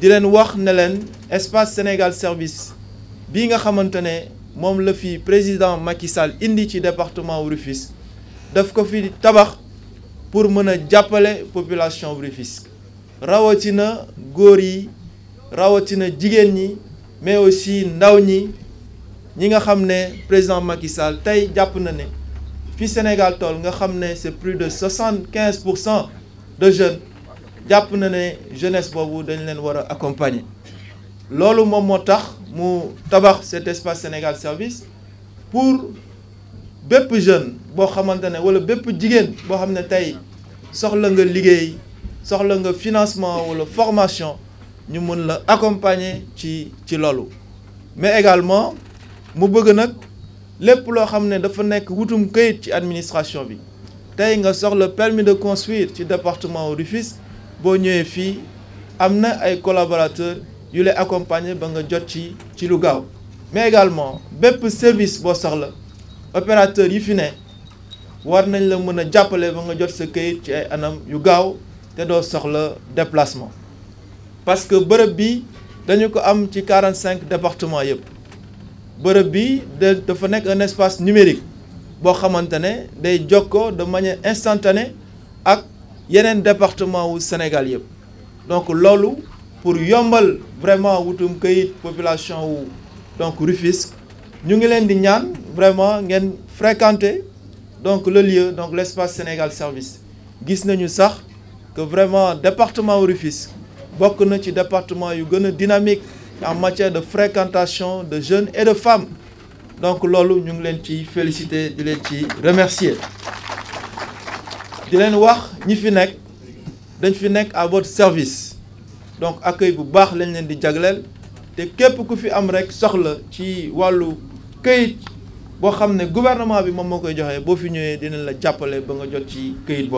di leen wax ne len espace Sénégal service binga nga xamantene mom le fi président Macky Sall indi ci département Rufisque daf ko fi tabax pour mën a population Rufisque rawatina gori yi rawatina mais aussi ndaw ñi ñi nga président Macky Sall tay japp na ne fi Sénégal tol nga xam c'est plus de 75% de jeunes jàpp na ne jeunesse boobu dañ leen wara accompagner lolu mom motax mu tabax cet espace Sénégal service pour bép jeune bo xamante wala bép jigen bo xamné tay soxla nga liggéey soxla nga financement wala formation ñu mën la accompagner ci ci lolu mais également mu bëgg nak lépp lo xamné dafa nekk wutum këyit ci administration bi tay nga soxla permis de construire ci département rufis boo ñëwee fii am ay collaborateurs yu lay accompagner ba nga jot ci ci lu gaaw mais également bépp service boo soxla opérateur yi fi ne war nañ la mëna jappalé ba nga jot sa kayit ci ay anam yu gaaw té do soxla déplacement parce que bërëb bi dañu ko am ci 45 départements yépp bërëb bi de dafa nekk un espace numérique boo xamante day jokkoo de manière instantanée ak un département au Sénégal donc lolu pour yombal vraiment wutum la population ou donc Rufisque ñu ngi vraiment ngeen fréquenter donc le lieu donc l'espace Sénégal Service Nous nañu sax que vraiment département Rufisque bokk na ci département yu dynamique en matière de fréquentation de jeunes et de femmes donc lolu ñu ngi féliciter di ci remercier dilen wax ñi fi nek à votre service donc accueil bu baax lañ leen di té képp ku fi am rek soxla ci walu bo xamné gouvernement bi mom mo koy joxé de fi dinañ la ba nga jot ci